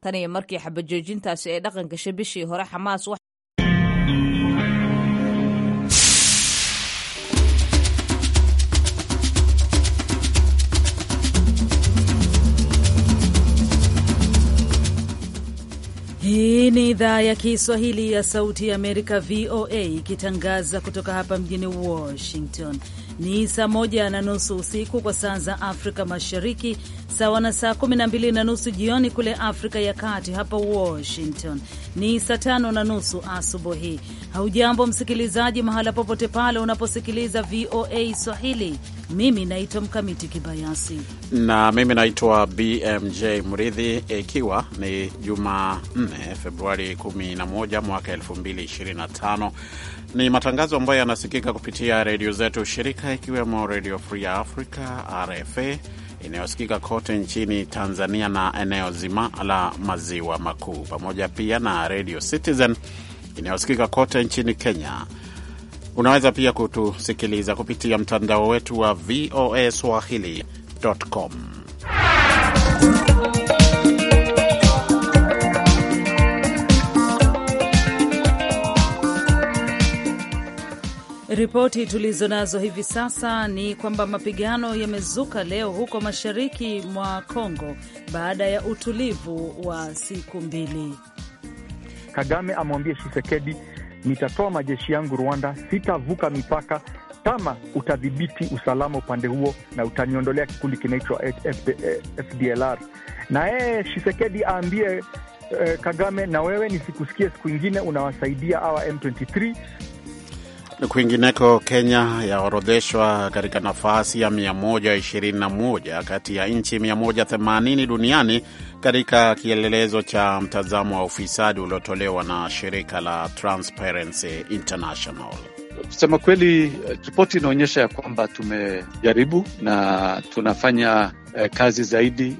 tan iyo markii xabajoojintaasi ay dhaqan gashay bishii hore xamaas Hii ni idhaa ya Kiswahili ya Sauti ya Amerika, VOA, ikitangaza kutoka hapa mjini Washington. Ni saa moja na nusu usiku kwa saa za Afrika Mashariki, sawa na saa kumi na mbili na nusu jioni kule Afrika ya Kati. Hapa Washington ni saa tano na nusu asubuhi. Haujambo msikilizaji, mahala popote pale unaposikiliza VOA Swahili. Mimi naitwa Mkamiti Kibayasi na mimi naitwa BMJ Mridhi, ikiwa ni Jumanne Februari 11 mwaka 2025 ni matangazo ambayo yanasikika kupitia redio zetu shirika, ikiwemo Redio Free Africa RFA inayosikika kote nchini Tanzania na eneo zima la maziwa makuu, pamoja pia na Redio Citizen inayosikika kote nchini Kenya. Unaweza pia kutusikiliza kupitia mtandao wetu wa voa swahili.com. Ripoti tulizo nazo hivi sasa ni kwamba mapigano yamezuka leo huko mashariki mwa Kongo baada ya utulivu wa siku mbili. Kagame amwambie Tshisekedi, nitatoa majeshi yangu Rwanda, sitavuka mipaka kama utadhibiti usalama upande huo na utaniondolea kikundi kinaitwa FDLR. Na yeye Tshisekedi aambie eh, Kagame, na wewe nisikusikie siku ingine unawasaidia awa M23 Kwingineko, Kenya yaorodheshwa katika nafasi ya 121 kati ya nchi 180 duniani katika kielelezo cha mtazamo wa ufisadi uliotolewa na shirika la Transparency International. Kusema kweli, ripoti inaonyesha ya kwamba tumejaribu na tunafanya eh, kazi zaidi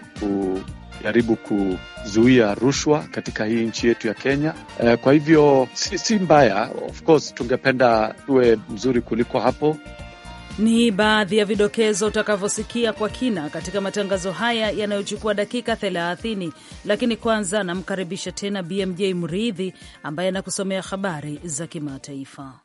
kujaribu kuzuia rushwa katika hii nchi yetu ya Kenya. E, kwa hivyo si, si mbaya. Of course tungependa tuwe mzuri kuliko hapo. Ni baadhi ya vidokezo utakavyosikia kwa kina katika matangazo haya yanayochukua dakika 30, lakini kwanza namkaribisha tena BMJ Mridhi ambaye anakusomea habari za kimataifa.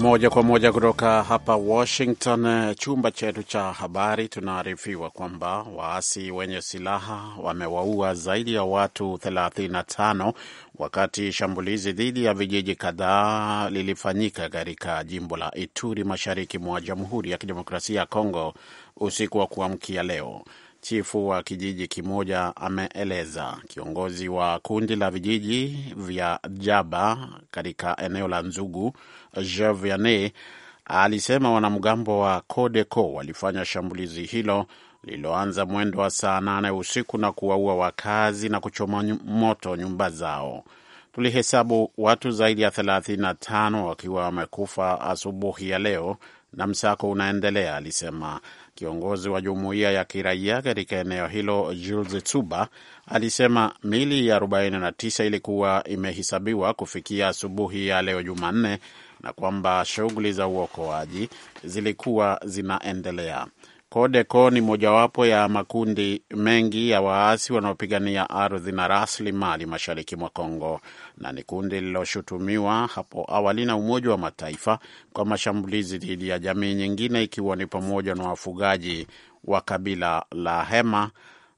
Moja kwa moja kutoka hapa Washington, eh, chumba chetu cha habari, tunaarifiwa kwamba waasi wenye silaha wamewaua zaidi ya watu 35 wakati shambulizi dhidi ya vijiji kadhaa lilifanyika katika jimbo la Ituri, mashariki mwa Jamhuri ya Kidemokrasia ya Kongo, usiku wa kuamkia leo chifu wa kijiji kimoja ameeleza. Kiongozi wa kundi la vijiji vya Jaba katika eneo la Nzugu, Jeviane, alisema wanamgambo wa Codeco walifanya shambulizi hilo lililoanza mwendo wa saa nane usiku na kuwaua wakazi na kuchoma moto nyumba zao. Tulihesabu watu zaidi ya 35 wakiwa wamekufa asubuhi ya leo na msako unaendelea, alisema. Kiongozi wa jumuiya ya kiraia katika eneo hilo Jules Tsuba alisema mili ya 49 ilikuwa imehesabiwa kufikia asubuhi ya leo Jumanne na kwamba shughuli za uokoaji zilikuwa zinaendelea. CODECO ni mojawapo ya makundi mengi ya waasi wanaopigania ardhi na rasilimali mashariki mwa Kongo na ni kundi lililoshutumiwa hapo awali na Umoja wa Mataifa kwa mashambulizi dhidi ya jamii nyingine ikiwa ni pamoja na wafugaji wa kabila la Hema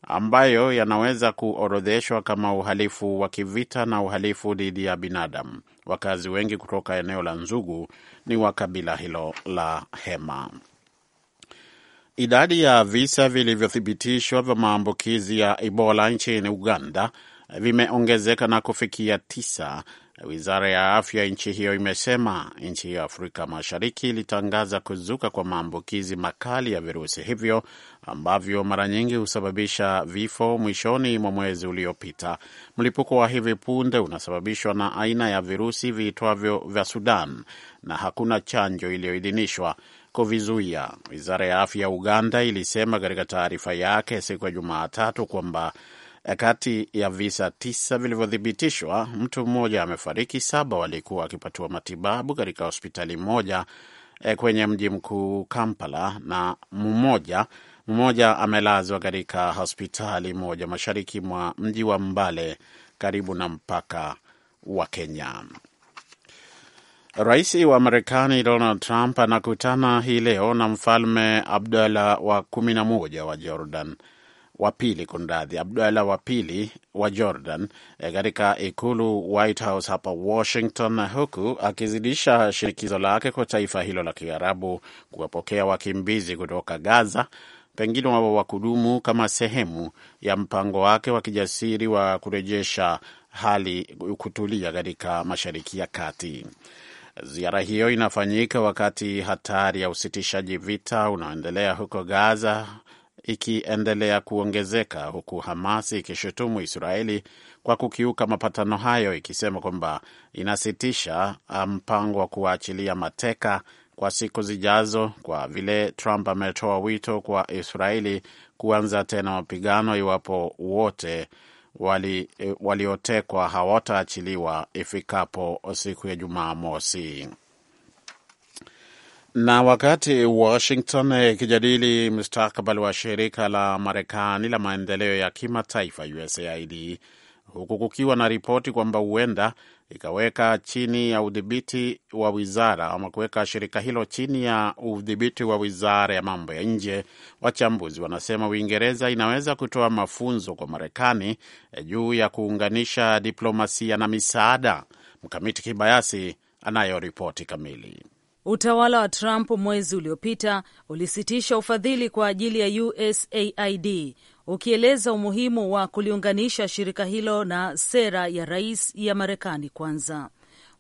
ambayo yanaweza kuorodheshwa kama uhalifu wa kivita na uhalifu dhidi ya binadamu. Wakazi wengi kutoka eneo la Nzugu ni wa kabila hilo la Hema. Idadi ya visa vilivyothibitishwa vya maambukizi ya Ebola nchini Uganda vimeongezeka na kufikia tisa, wizara ya afya nchi hiyo imesema. Nchi hiyo Afrika Mashariki ilitangaza kuzuka kwa maambukizi makali ya virusi hivyo ambavyo mara nyingi husababisha vifo mwishoni mwa mwezi uliopita. Mlipuko wa hivi punde unasababishwa na aina ya virusi viitwavyo vya Sudan na hakuna chanjo iliyoidhinishwa kuvizuia. Wizara ya afya ya Uganda ilisema katika taarifa yake siku ya Jumatatu kwamba eh, kati ya visa tisa vilivyothibitishwa, mtu mmoja amefariki, saba walikuwa wakipatiwa matibabu katika hospitali moja eh, kwenye mji mkuu Kampala, na mmoja mmoja amelazwa katika hospitali moja mashariki mwa mji wa Mbale karibu na mpaka wa Kenya. Rais wa Marekani Donald Trump anakutana hii leo na mfalme Abdullah wa kumi na moja wa Jordan wa pili kundadhi Abdullah wa pili wa Jordan e, katika ikulu White House hapa Washington, huku akizidisha shinikizo lake kwa taifa hilo la Kiarabu kuwapokea wakimbizi kutoka Gaza, pengine wao wa kudumu, kama sehemu ya mpango wake wa kijasiri wa kurejesha hali kutulia katika Mashariki ya Kati. Ziara hiyo inafanyika wakati hatari ya usitishaji vita unaoendelea huko Gaza ikiendelea kuongezeka huku Hamas ikishutumu Israeli kwa kukiuka mapatano hayo, ikisema kwamba inasitisha ah, mpango wa kuwaachilia mateka kwa siku zijazo, kwa vile Trump ametoa wito kwa Israeli kuanza tena mapigano iwapo wote wali, e, waliotekwa hawataachiliwa ifikapo siku ya Jumamosi. Na wakati Washington ikijadili mustakabali wa shirika la Marekani la maendeleo ya kimataifa USAID, huku kukiwa na ripoti kwamba huenda ikaweka chini ya udhibiti wa wizara ama kuweka shirika hilo chini ya udhibiti wa wizara ya mambo ya nje. Wachambuzi wanasema Uingereza inaweza kutoa mafunzo kwa Marekani eh, juu ya kuunganisha diplomasia na misaada. Mkamiti Kibayasi anayo ripoti kamili. Utawala wa Trump mwezi uliopita ulisitisha ufadhili kwa ajili ya USAID ukieleza umuhimu wa kuliunganisha shirika hilo na sera ya rais ya Marekani Kwanza.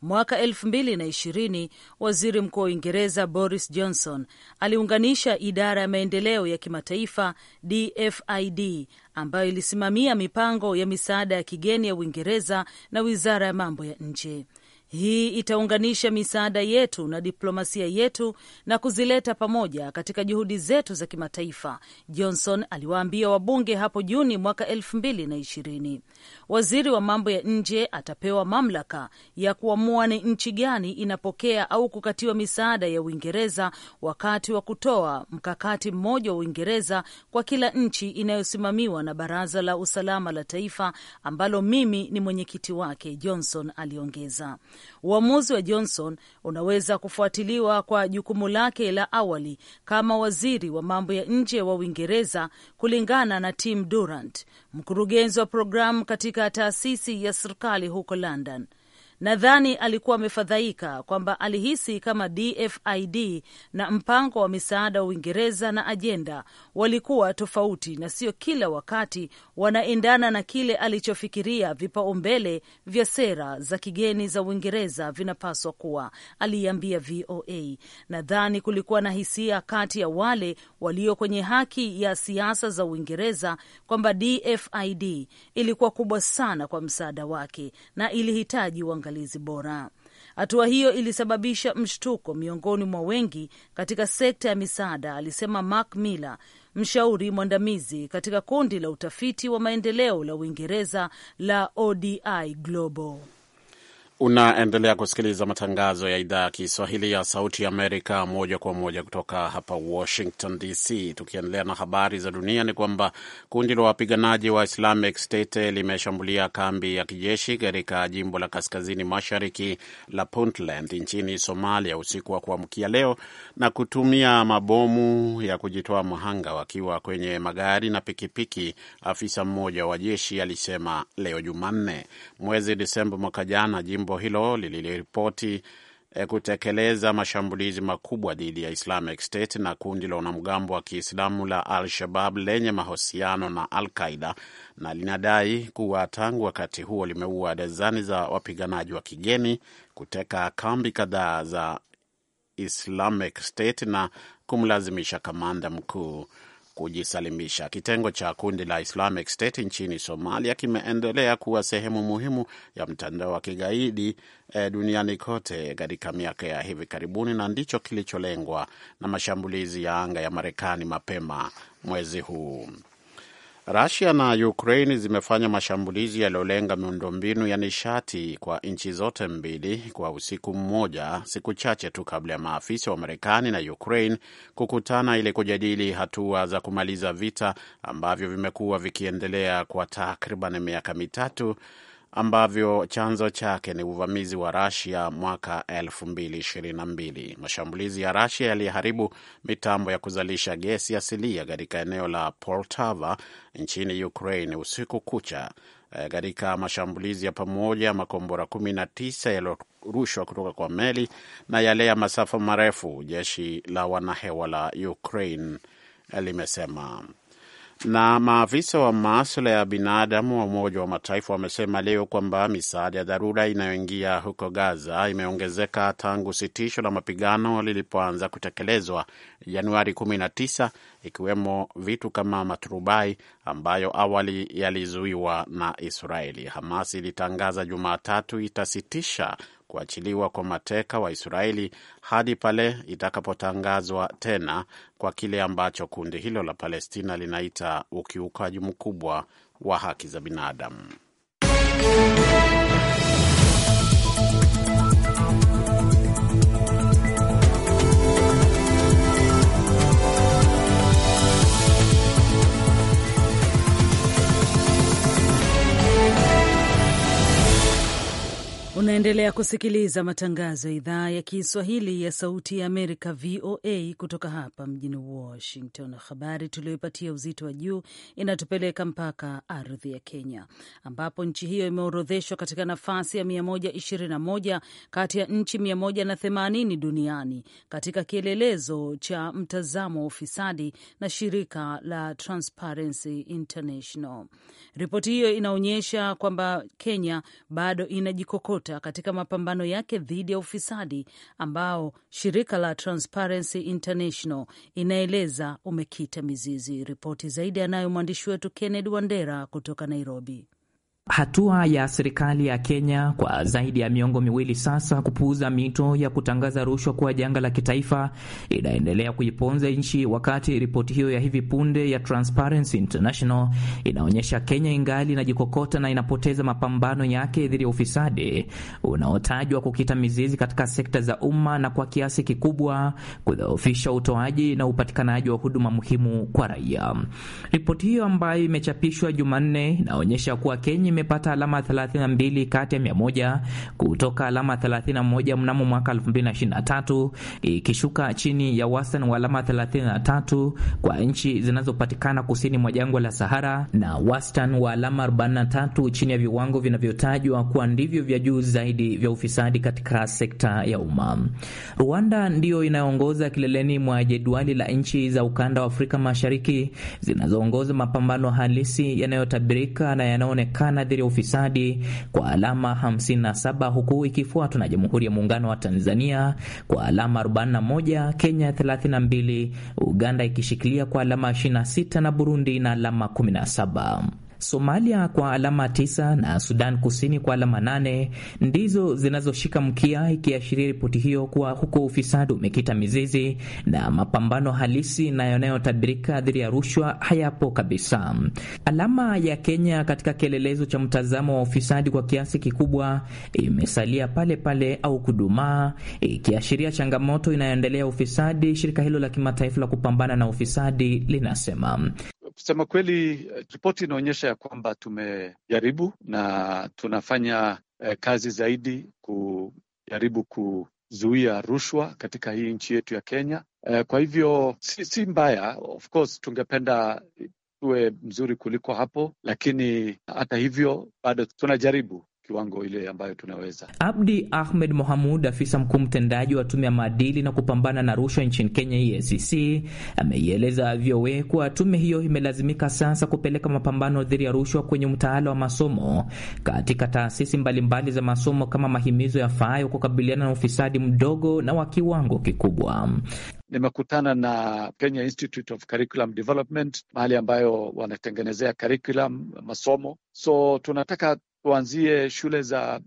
Mwaka elfu mbili na ishirini waziri mkuu wa Uingereza Boris Johnson aliunganisha idara ya maendeleo ya kimataifa DFID ambayo ilisimamia mipango ya misaada ya kigeni ya Uingereza na wizara ya mambo ya nje. Hii itaunganisha misaada yetu na diplomasia yetu na kuzileta pamoja katika juhudi zetu za kimataifa, Johnson aliwaambia wabunge hapo Juni mwaka elfu mbili na ishirini. Waziri wa mambo ya nje atapewa mamlaka ya kuamua ni nchi gani inapokea au kukatiwa misaada ya Uingereza wakati wa kutoa mkakati mmoja wa Uingereza kwa kila nchi inayosimamiwa na Baraza la Usalama la Taifa ambalo mimi ni mwenyekiti wake, Johnson aliongeza. Uamuzi wa Johnson unaweza kufuatiliwa kwa jukumu lake la awali kama waziri wa mambo ya nje wa Uingereza, kulingana na Tim Durant, mkurugenzi wa programu katika taasisi ya serikali huko London. Nadhani alikuwa amefadhaika kwamba alihisi kama DFID na mpango wa misaada wa Uingereza na ajenda walikuwa tofauti na sio kila wakati wanaendana na kile alichofikiria vipaumbele vya sera za kigeni za Uingereza vinapaswa kuwa, aliiambia VOA. Nadhani kulikuwa na hisia kati ya wale walio kwenye haki ya siasa za Uingereza kwamba DFID ilikuwa kubwa sana kwa msaada wake na ilihitaji uangalizi uangalizi bora. Hatua hiyo ilisababisha mshtuko miongoni mwa wengi katika sekta ya misaada, alisema Mark Miller, mshauri mwandamizi katika kundi la utafiti wa maendeleo la Uingereza la ODI Global. Unaendelea kusikiliza matangazo ya idhaa ya Kiswahili ya Sauti Amerika moja kwa moja kutoka hapa Washington DC. Tukiendelea na habari za dunia, ni kwamba kundi la wapiganaji wa Islamic State limeshambulia kambi ya kijeshi katika jimbo la kaskazini mashariki la Puntland nchini Somalia usiku wa kuamkia leo na kutumia mabomu ya kujitoa mhanga wakiwa kwenye magari na pikipiki, afisa mmoja wa jeshi alisema leo Jumanne. Mwezi Desemba mwaka jana jimbo jimbo hilo liliripoti eh, kutekeleza mashambulizi makubwa dhidi ya Islamic State na kundi la wanamgambo wa Kiislamu la Al-Shabab lenye mahusiano na Al-Qaida na linadai kuwa tangu wakati huo limeua dazani za wapiganaji wa kigeni, kuteka kambi kadhaa za Islamic State na kumlazimisha kamanda mkuu kujisalimisha. Kitengo cha kundi la Islamic State nchini Somalia kimeendelea kuwa sehemu muhimu ya mtandao wa kigaidi e, duniani kote katika miaka ya hivi karibuni, na ndicho kilicholengwa na mashambulizi ya anga ya Marekani mapema mwezi huu. Rusia na Ukraine zimefanya mashambulizi yaliyolenga miundombinu ya nishati kwa nchi zote mbili kwa usiku mmoja, siku chache tu kabla ya maafisa wa Marekani na Ukraine kukutana ili kujadili hatua za kumaliza vita ambavyo vimekuwa vikiendelea kwa takriban miaka mitatu ambavyo chanzo chake ni uvamizi wa Rasia mwaka 2022. Mashambulizi ya Rasia yaliyeharibu mitambo ya kuzalisha gesi asilia katika eneo la Poltava nchini Ukraine usiku kucha. Eh, katika mashambulizi ya pamoja, makombora 19 yaliyorushwa kutoka kwa meli na yale ya masafa marefu, jeshi la wanahewa la Ukraine eh, limesema. Na maafisa wa maswala ya binadamu wa Umoja wa Mataifa wamesema leo kwamba misaada ya dharura inayoingia huko Gaza imeongezeka tangu sitisho la mapigano lilipoanza kutekelezwa Januari 19, ikiwemo vitu kama maturubai ambayo awali yalizuiwa na Israeli. Hamas ilitangaza Jumatatu itasitisha kuachiliwa kwa mateka wa Israeli hadi pale itakapotangazwa tena kwa kile ambacho kundi hilo la Palestina linaita ukiukaji mkubwa wa haki za binadamu. Unaendelea kusikiliza matangazo ya idhaa ya Kiswahili ya Sauti ya Amerika, VOA, kutoka hapa mjini Washington. Habari tuliyoipatia uzito wa juu inatupeleka mpaka ardhi ya Kenya, ambapo nchi hiyo imeorodheshwa katika nafasi ya 121 kati ya nchi 180 duniani katika kielelezo cha mtazamo wa ufisadi na shirika la Transparency International. Ripoti hiyo inaonyesha kwamba Kenya bado inajikokota katika mapambano yake dhidi ya ufisadi ambao shirika la Transparency International inaeleza umekita mizizi. Ripoti zaidi anayo mwandishi wetu kenned Wandera kutoka Nairobi. Hatua ya serikali ya Kenya kwa zaidi ya miongo miwili sasa kupuuza mito ya kutangaza rushwa kuwa janga la kitaifa inaendelea kuiponza nchi, wakati ripoti hiyo ya hivi punde ya Transparency International inaonyesha Kenya ingali inajikokota na inapoteza mapambano yake dhidi ya ufisadi unaotajwa kukita mizizi katika sekta za umma na kwa kiasi kikubwa kudhoofisha utoaji na upatikanaji wa huduma muhimu kwa raia. Ripoti hiyo ambayo imechapishwa Jumanne inaonyesha kuwa Kenya imepata alama 32 kati ya 100 kutoka alama 31 mnamo mwaka 2023, ikishuka chini ya wastani wa alama 33 kwa nchi zinazopatikana kusini mwa jangwa la Sahara na wastani wa alama 43 chini ya viwango vinavyotajwa kuwa ndivyo vya juu zaidi vya ufisadi katika sekta ya umma. Rwanda ndiyo inayoongoza kileleni mwa jedwali la nchi za ukanda wa Afrika Mashariki zinazoongoza mapambano halisi yanayotabirika na yanayoonekana nadhiri ya ufisadi kwa alama 57 huku ikifuatwa na Jamhuri ya Muungano wa Tanzania kwa alama 41, Kenya 32, Uganda ikishikilia kwa alama 26 na Burundi na alama 17. Somalia kwa alama tisa na Sudan Kusini kwa alama nane ndizo zinazoshika mkia, ikiashiria ripoti hiyo kuwa huko ufisadi umekita mizizi na mapambano halisi na yanayotabirika dhidi ya rushwa hayapo kabisa. Alama ya Kenya katika kielelezo cha mtazamo wa ufisadi kwa kiasi kikubwa imesalia pale pale au kudumaa, ikiashiria changamoto inayoendelea ufisadi, shirika hilo la kimataifa la kupambana na ufisadi linasema. Kusema kweli, eh, ripoti inaonyesha ya kwamba tumejaribu na tunafanya eh, kazi zaidi kujaribu kuzuia rushwa katika hii nchi yetu ya Kenya. Eh, kwa hivyo si, si mbaya. Of course tungependa tuwe mzuri kuliko hapo, lakini hata hivyo bado tunajaribu kiwango ile ambayo tunaweza. Abdi Ahmed Mohamud, afisa mkuu mtendaji wa tume ya maadili na kupambana na rushwa nchini Kenya, EACC, ameieleza VOA kuwa tume hiyo imelazimika sasa kupeleka mapambano dhidi ya rushwa kwenye mtaala wa masomo katika taasisi mbalimbali za masomo kama mahimizo yafaayo kukabiliana na ufisadi mdogo na wa kiwango kikubwa. Nimekutana na Kenya Institute of Curriculum Development, mahali ambayo wanatengenezea curriculum masomo, so tunataka tuanzie shule za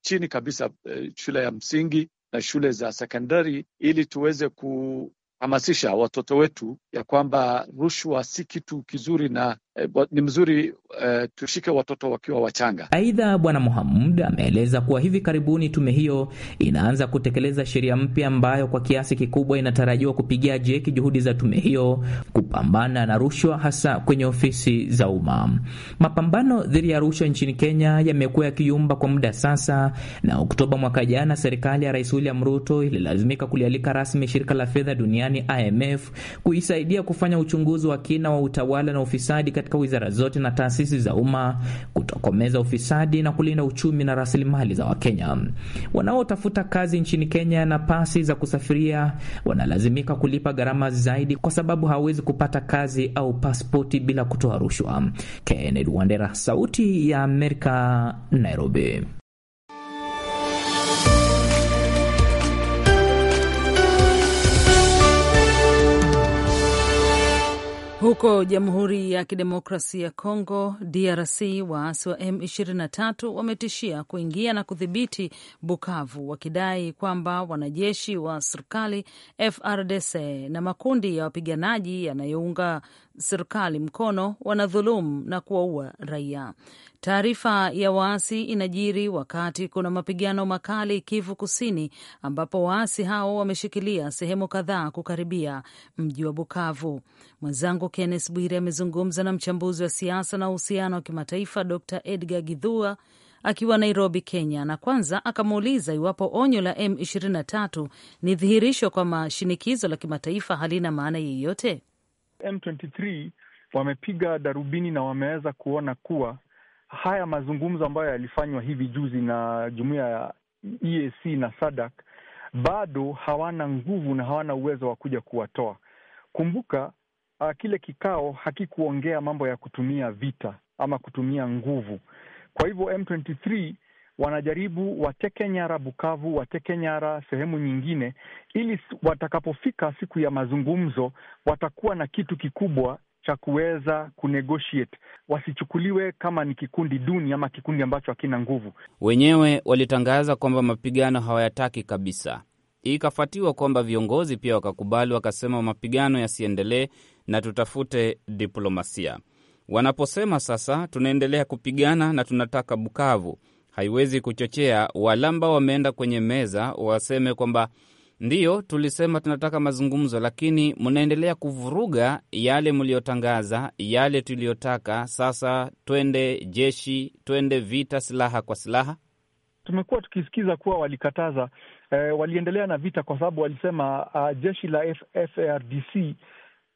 chini kabisa, eh, shule ya msingi na shule za sekondari, ili tuweze kuhamasisha watoto wetu ya kwamba rushwa si kitu kizuri na Eh, ni mzuri eh, tushike watoto wakiwa wachanga. Aidha, Bwana muhamud ameeleza kuwa hivi karibuni tume hiyo inaanza kutekeleza sheria mpya ambayo kwa kiasi kikubwa inatarajiwa kupigia jeki juhudi za tume hiyo kupambana na rushwa, hasa kwenye ofisi za umma. Mapambano dhidi ya rushwa nchini Kenya yamekuwa yakiyumba kwa muda sasa, na Oktoba mwaka jana serikali ya Rais William Ruto ililazimika kulialika rasmi shirika la fedha duniani IMF kuisaidia kufanya uchunguzi wa kina wa utawala na ufisadi katika wizara zote na taasisi za umma, kutokomeza ufisadi na kulinda uchumi na rasilimali za Wakenya. Wanaotafuta kazi nchini Kenya na pasi za kusafiria wanalazimika kulipa gharama zaidi, kwa sababu hawawezi kupata kazi au paspoti bila kutoa rushwa. Kennedy Wandera, Sauti ya Amerika, Nairobi. Huko Jamhuri ya Kidemokrasia ya Kongo, DRC, waasi wa M23 wametishia kuingia na kudhibiti Bukavu, wakidai kwamba wanajeshi wa serikali FRDC na makundi ya wapiganaji yanayounga serikali mkono wanadhulumu na kuwaua raia. Taarifa ya waasi inajiri wakati kuna mapigano makali Kivu Kusini, ambapo waasi hao wameshikilia sehemu kadhaa kukaribia mji wa Bukavu. Mwenzangu Kennes Bwire amezungumza na mchambuzi wa siasa na uhusiano wa kimataifa Dr Edgar gidhua akiwa Nairobi, Kenya, na kwanza akamuuliza iwapo onyo la M23 ni dhihirisho kwamba shinikizo la kimataifa halina maana yeyote. M23 wamepiga darubini na wameweza kuona kuwa haya mazungumzo ambayo yalifanywa hivi juzi na jumuiya ya EAC na SADC bado hawana nguvu na hawana uwezo wa kuja kuwatoa. Kumbuka uh, kile kikao hakikuongea mambo ya kutumia vita ama kutumia nguvu. Kwa hivyo M23 wanajaribu wateke nyara Bukavu, wateke nyara sehemu nyingine, ili watakapofika siku ya mazungumzo watakuwa na kitu kikubwa cha kuweza kunegotiate, wasichukuliwe kama ni kikundi duni ama kikundi ambacho hakina nguvu. Wenyewe walitangaza kwamba mapigano hawayataki kabisa, ikafuatiwa kwamba viongozi pia wakakubali, wakasema mapigano yasiendelee na tutafute diplomasia. Wanaposema sasa tunaendelea kupigana na tunataka Bukavu, haiwezi kuchochea wale ambao wameenda kwenye meza waseme kwamba Ndiyo, tulisema tunataka mazungumzo, lakini mnaendelea kuvuruga yale mliyotangaza, yale tuliyotaka. Sasa twende jeshi, twende vita, silaha kwa silaha. Tumekuwa tukisikiza kuwa walikataza, eh, waliendelea na vita kwa sababu walisema, uh, jeshi la FARDC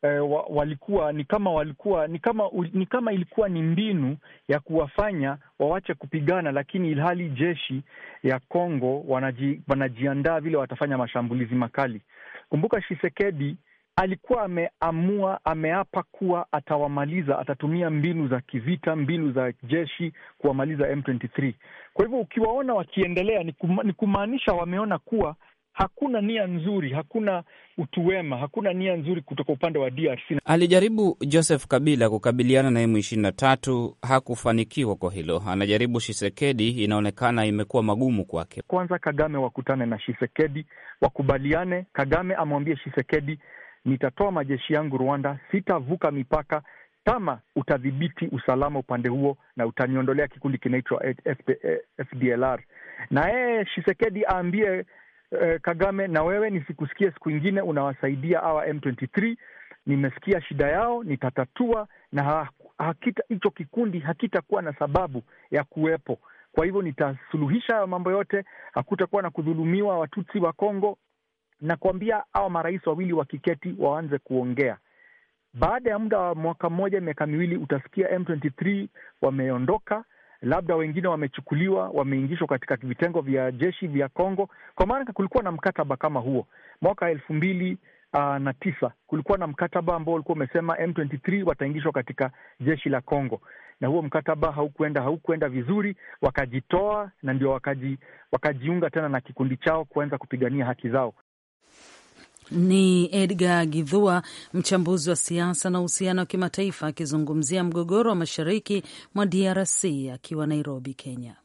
eh, wa, walikuwa ni kama walikuwa ni kama ni kama ilikuwa ni mbinu ya kuwafanya wawache kupigana, lakini ilhali jeshi ya Kongo wanaji, wanajiandaa vile watafanya mashambulizi makali. Kumbuka shisekedi alikuwa ameamua ameapa kuwa atawamaliza, atatumia mbinu za kivita, mbinu za jeshi kuwamaliza M23. Kwa hivyo ukiwaona wakiendelea ni kumaanisha wameona kuwa hakuna nia nzuri, hakuna utu wema, hakuna nia nzuri kutoka upande wa DRC. Alijaribu Joseph Kabila kukabiliana na emu ishirini na tatu, hakufanikiwa kwa hilo. Anajaribu Shisekedi, inaonekana imekuwa magumu kwake. Kwanza Kagame wakutane na Shisekedi wakubaliane. Kagame amwambie Shisekedi, nitatoa majeshi yangu Rwanda, sitavuka mipaka kama utadhibiti usalama upande huo na utaniondolea kikundi kinaitwa FDLR. Na yeye Shisekedi aambie eh, Kagame na wewe nisikusikie siku ingine unawasaidia awa M23. Nimesikia shida yao, nitatatua na hakita hicho kikundi hakitakuwa na sababu ya kuwepo. Kwa hivyo nitasuluhisha mambo yote, hakutakuwa na kudhulumiwa Watutsi wa Kongo. Nakwambia hawa marais wawili wakiketi waanze kuongea baada ya muda wa mwaka mmoja miaka miwili utasikia M23 wameondoka, labda wengine wamechukuliwa wameingishwa katika vitengo vya jeshi vya Kongo. Kwa maana kulikuwa na mkataba kama huo mwaka elfu mbili uh, na tisa kulikuwa na mkataba ambao ulikuwa umesema M23 wataingishwa katika jeshi la Kongo, na huo mkataba haukuenda haukuenda vizuri, wakajitoa na ndio wakaji, wakajiunga tena na kikundi chao kuanza kupigania haki zao. Ni Edgar gidhua mchambuzi wa siasa na uhusiano wa kimataifa, akizungumzia mgogoro wa mashariki mwa DRC akiwa Nairobi, Kenya.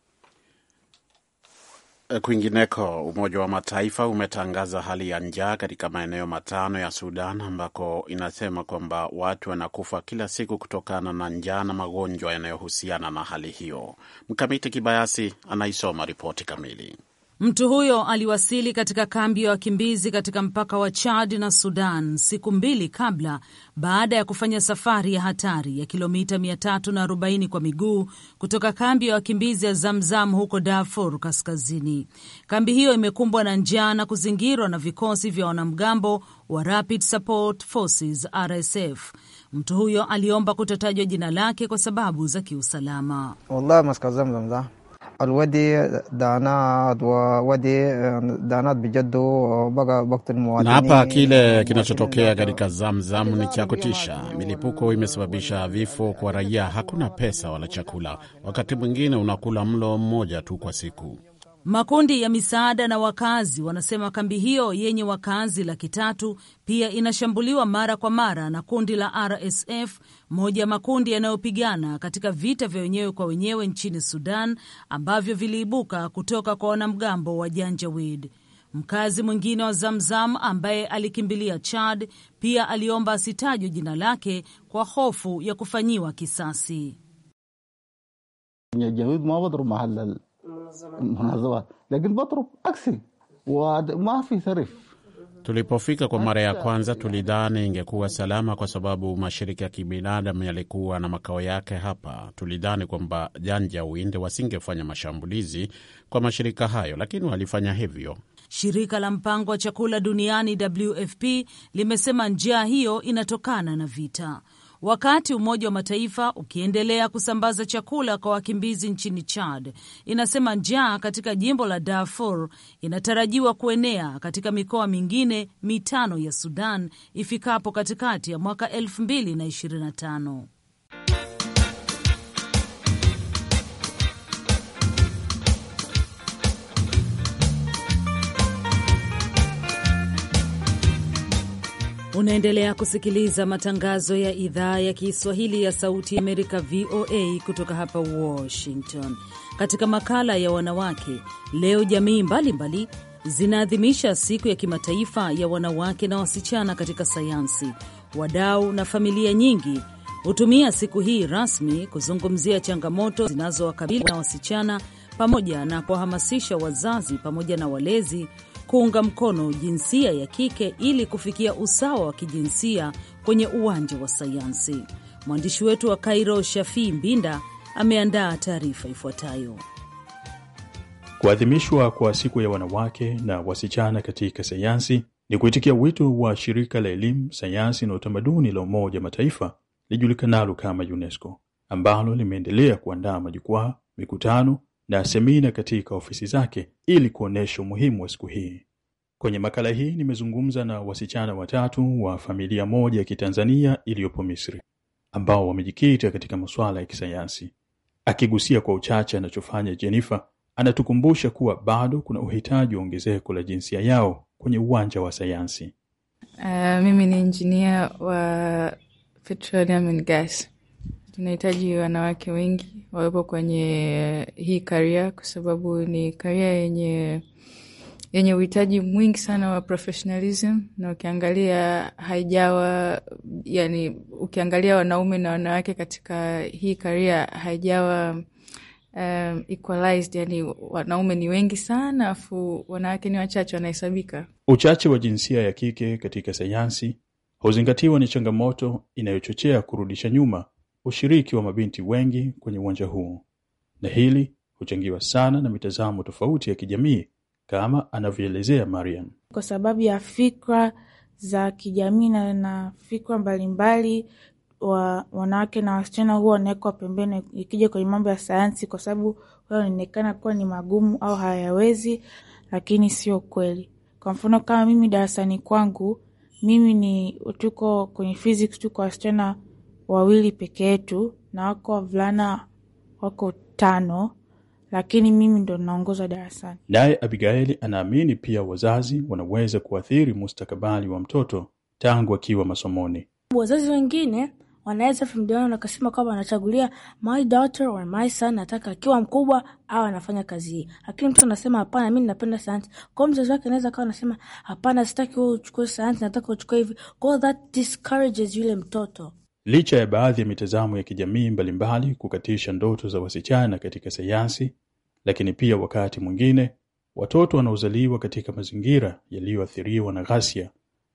Kwingineko, Umoja wa Mataifa umetangaza hali ya njaa katika maeneo matano ya Sudan ambako inasema kwamba watu wanakufa kila siku kutokana na njaa na magonjwa yanayohusiana na hali hiyo. Mkamiti Kibayasi anaisoma ripoti kamili. Mtu huyo aliwasili katika kambi ya wakimbizi katika mpaka wa Chad na Sudan siku mbili kabla, baada ya kufanya safari ya hatari ya kilomita 340 kwa miguu kutoka kambi ya wakimbizi ya Zamzam huko Darfur Kaskazini. Kambi hiyo imekumbwa na njaa na kuzingirwa na vikosi vya wanamgambo wa Rapid Support Forces RSF. Mtu huyo aliomba kutotajwa jina lake kwa sababu za kiusalama. الودي دانات وودي دانات danad bijaddu وقت المواطنين almuwadini. Na hapa kile kinachotokea katika Zamzam ni cha kutisha. Milipuko imesababisha vifo kwa raia, hakuna pesa wala chakula, wakati mwingine unakula mlo mmoja tu kwa siku. Makundi ya misaada na wakazi wanasema kambi hiyo yenye wakazi laki tatu pia inashambuliwa mara kwa mara na kundi la RSF, moja ya makundi yanayopigana katika vita vya wenyewe kwa wenyewe nchini Sudan ambavyo viliibuka kutoka kwa wanamgambo wa Janjawid. Mkazi mwingine wa Zamzam ambaye alikimbilia Chad pia aliomba asitajwe jina lake kwa hofu ya kufanyiwa kisasi munazawadi, lakini batrub aksi wamafi sarif Tulipofika kwa mara ya kwanza tulidhani ingekuwa salama kwa sababu mashirika ya kibinadamu yalikuwa na makao yake hapa. Tulidhani kwamba janja uinde wasingefanya mashambulizi kwa mashirika hayo, lakini walifanya hivyo. Shirika la mpango wa chakula duniani WFP limesema njia hiyo inatokana na vita. Wakati Umoja wa Mataifa ukiendelea kusambaza chakula kwa wakimbizi nchini Chad, inasema njaa katika jimbo la Darfur inatarajiwa kuenea katika mikoa mingine mitano ya Sudan ifikapo katikati ya mwaka 225 Unaendelea kusikiliza matangazo ya idhaa ya Kiswahili ya Sauti ya Amerika, VOA, kutoka hapa Washington. Katika makala ya wanawake leo, jamii mbalimbali zinaadhimisha siku ya kimataifa ya wanawake na wasichana katika sayansi. Wadau na familia nyingi hutumia siku hii rasmi kuzungumzia changamoto zinazowakabili na wasichana pamoja na kuwahamasisha wazazi pamoja na walezi kuunga mkono jinsia ya kike ili kufikia usawa wa kijinsia kwenye uwanja wa sayansi. Mwandishi wetu wa Kairo, Shafii Mbinda, ameandaa taarifa ifuatayo. Kuadhimishwa kwa siku ya wanawake na wasichana katika sayansi ni kuitikia wito wa shirika la elimu, sayansi na utamaduni la Umoja Mataifa lijulikanalo kama UNESCO ambalo limeendelea kuandaa majukwaa, mikutano na semina katika ofisi zake ili kuonesha umuhimu wa siku hii. Kwenye makala hii nimezungumza na wasichana watatu wa familia moja ya Kitanzania iliyopo Misri ambao wamejikita katika masuala ya kisayansi. Akigusia kwa uchache anachofanya Jennifer anatukumbusha kuwa bado kuna uhitaji wa ongezeko la jinsia yao kwenye uwanja wa sayansi. Uh, mimi ni injinia wa petroleum and gas tunahitaji wanawake wengi wawepo kwenye eh, hii karia, kwa sababu ni karia yenye yenye uhitaji mwingi sana wa professionalism, na ukiangalia haijawa yani, ukiangalia wanaume na wanawake katika hii karia haijawa um, equalized, yani wanaume ni wengi sana afu wanawake ni wachache wanahesabika. Uchache wa jinsia ya kike katika sayansi huzingatiwa ni changamoto inayochochea kurudisha nyuma ushiriki wa mabinti wengi kwenye uwanja huu na hili huchangiwa sana na mitazamo tofauti ya kijamii kama anavyoelezea Mariam. Kwa sababu ya fikra za kijamii na, na fikra mbalimbali wa wanawake na wasichana huwa wanawekwa pembeni ikija kwenye mambo ya sayansi, kwa sababu wanaonekana kuwa ni magumu au hayawezi, lakini sio kweli. Kwa mfano kama mimi darasani kwangu mimi ni tuko kwenye physics, tuko wasichana wawili peke yetu na wako wavulana wako tano lakini mimi ndo naongoza darasani. Naye Abigaeli anaamini pia wazazi wanaweza kuathiri mustakabali wa mtoto tangu akiwa masomoni. Wazazi wengine wanaweza fumdiana wakasema kwamba anachagulia my daughter or my son, nataka akiwa mkubwa au anafanya kazi hii, lakini mtu anasema hapana, mi napenda sayansi. Kwao mzazi wake anaweza kawa anasema hapana, sitaki wewe uchukue sayansi, nataka uchukue hivi. Kwao that discourages yule mtoto. Licha ya baadhi ya mitazamo ya kijamii mbalimbali kukatisha ndoto za wasichana katika sayansi, lakini pia wakati mwingine watoto wanaozaliwa katika mazingira yaliyoathiriwa na ghasia,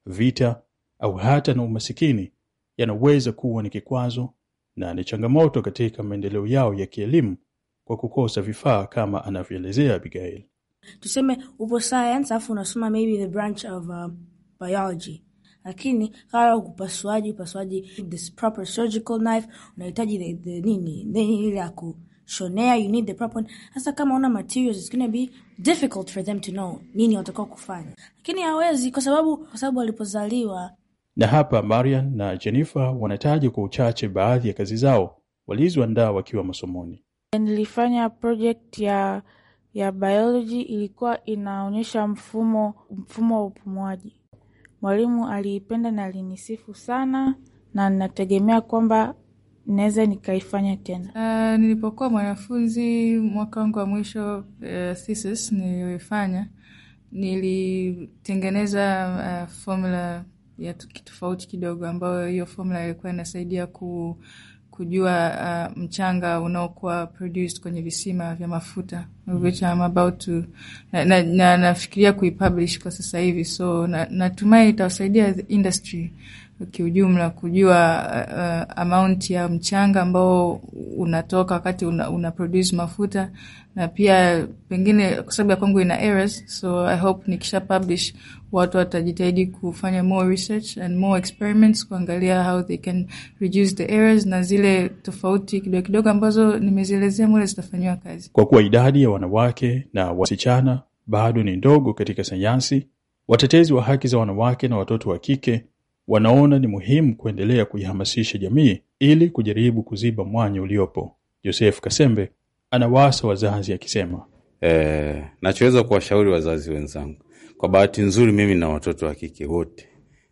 vita au hata na umasikini yanaweza kuwa ni kikwazo na ni changamoto katika maendeleo yao ya kielimu kwa kukosa vifaa kama anavyoelezea Abigail. Tuseme upo science afu unasoma maybe the branch of uh, biology lakini kama upasuaji upasuaji the proper surgical knife unahitaji the, the nini nini ile ya kushonea you need the proper sasa kama una materials it's going to be difficult for them to know nini watakao kufanya lakini hawezi kwa sababu kwa sababu walipozaliwa na hapa Marian na Jennifer wanataja kwa uchache baadhi ya kazi zao walizoandaa wakiwa masomoni nilifanya project ya ya biology ilikuwa inaonyesha mfumo mfumo wa upumuaji Mwalimu aliipenda na alinisifu sana na nategemea kwamba naweza nikaifanya tena. Uh, nilipokuwa mwanafunzi mwaka wangu wa mwisho uh, thesis niliyoifanya nilitengeneza uh, formula ya kitofauti kidogo, ambayo hiyo formula ilikuwa inasaidia ku, kujua uh, mchanga unaokuwa produced kwenye visima vya mafuta which I'm about to na, na, na nafikiria kuipublish kwa sasa hivi, so natumai na, itawasaidia industry kiujumla kujua uh, amount ya mchanga ambao unatoka wakati una, una produce mafuta na pia pengine kwa sababu ya kwangu ina errors, so I hope nikisha publish watu watajitahidi kufanya more research and more experiments kuangalia how they can reduce the errors, na zile tofauti kidogo kidogo ambazo nimezielezea mule zitafanyiwa kazi kwa kuwa idadi ya wanawake na wasichana bado ni ndogo katika sayansi, watetezi wa haki za wanawake na watoto wa kike wanaona ni muhimu kuendelea kuihamasisha jamii ili kujaribu kuziba mwanya uliopo. Joseph Kasembe anawasa wazazi akisema, eh, nachoweza kuwashauri wazazi wenzangu, kwa bahati nzuri mimi na watoto wa kike wote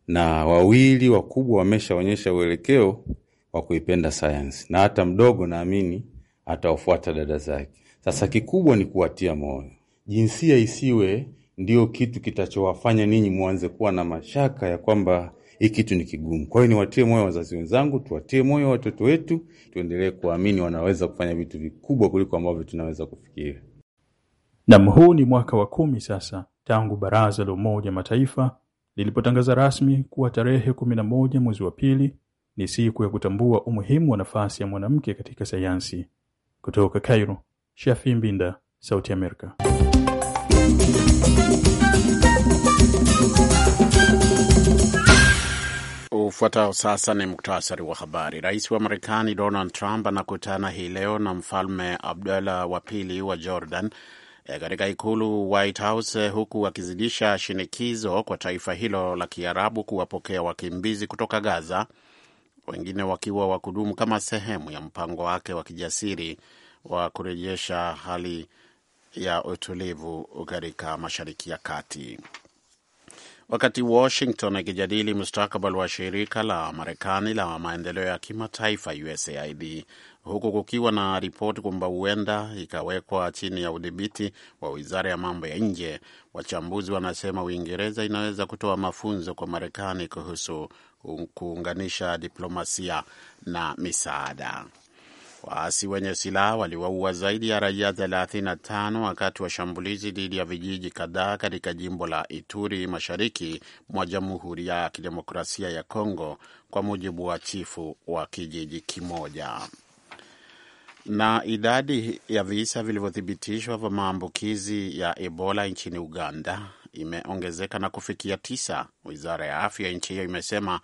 na wawili wakubwa wameshaonyesha uelekeo wa kuipenda sayansi, na hata mdogo naamini atawafuata dada zake. Sasa kikubwa ni kuwatia moyo. Jinsia isiwe ndio kitu kitachowafanya ninyi mwanze kuwa na mashaka ya kwamba hii kitu ni kigumu. Kwa hiyo niwatie moyo wazazi wenzangu, tuwatie moyo watoto wetu, tuendelee kuamini wanaweza kufanya vitu vikubwa kuliko ambavyo tunaweza kufikiri Nam, huu ni mwaka wa kumi sasa tangu Baraza la Umoja Mataifa lilipotangaza rasmi kuwa tarehe kumi na moja mwezi wa pili ni siku ya kutambua umuhimu wa nafasi ya mwanamke katika sayansi. Kutoka Cairo, Shafi Mbinda, Sauti Amerika. Ufuatao sasa ni muktasari wa habari. Rais wa Marekani Donald Trump anakutana hii leo na Mfalme Abdullah wa Pili wa Jordan eh, katika ikulu White House, eh, huku akizidisha shinikizo kwa taifa hilo la Kiarabu kuwapokea wakimbizi kutoka Gaza, wengine wakiwa wa kudumu kama sehemu ya mpango wake wa kijasiri wa kurejesha hali ya utulivu katika Mashariki ya Kati. Wakati Washington akijadili mustakabali wa shirika la Marekani la maendeleo ya kimataifa USAID, huku kukiwa na ripoti kwamba huenda ikawekwa chini ya udhibiti wa wizara ya mambo ya nje, wachambuzi wanasema Uingereza inaweza kutoa mafunzo kwa Marekani kuhusu kuunganisha diplomasia na misaada. Waasi wenye silaha waliwaua zaidi ya raia 35 wakati wa shambulizi dhidi ya vijiji kadhaa katika jimbo la Ituri mashariki mwa Jamhuri ya Kidemokrasia ya Kongo, kwa mujibu wa chifu wa kijiji kimoja. Na idadi ya visa vilivyothibitishwa vya maambukizi ya Ebola nchini Uganda imeongezeka na kufikia tisa, wizara ya afya nchi hiyo imesema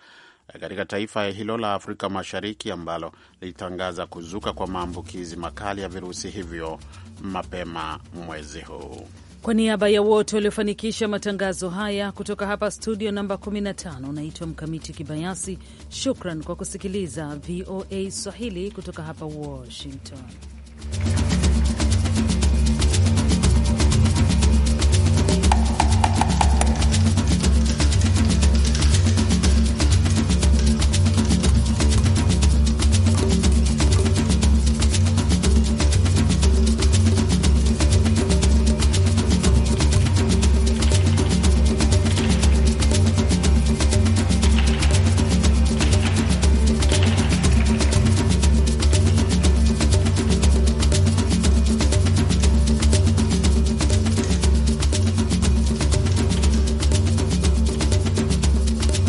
katika taifa hilo la Afrika Mashariki ambalo lilitangaza kuzuka kwa maambukizi makali ya virusi hivyo mapema mwezi huu. Kwa niaba ya wote waliofanikisha matangazo haya kutoka hapa studio namba 15, unaitwa Mkamiti Kibayasi. Shukran kwa kusikiliza VOA Swahili kutoka hapa Washington.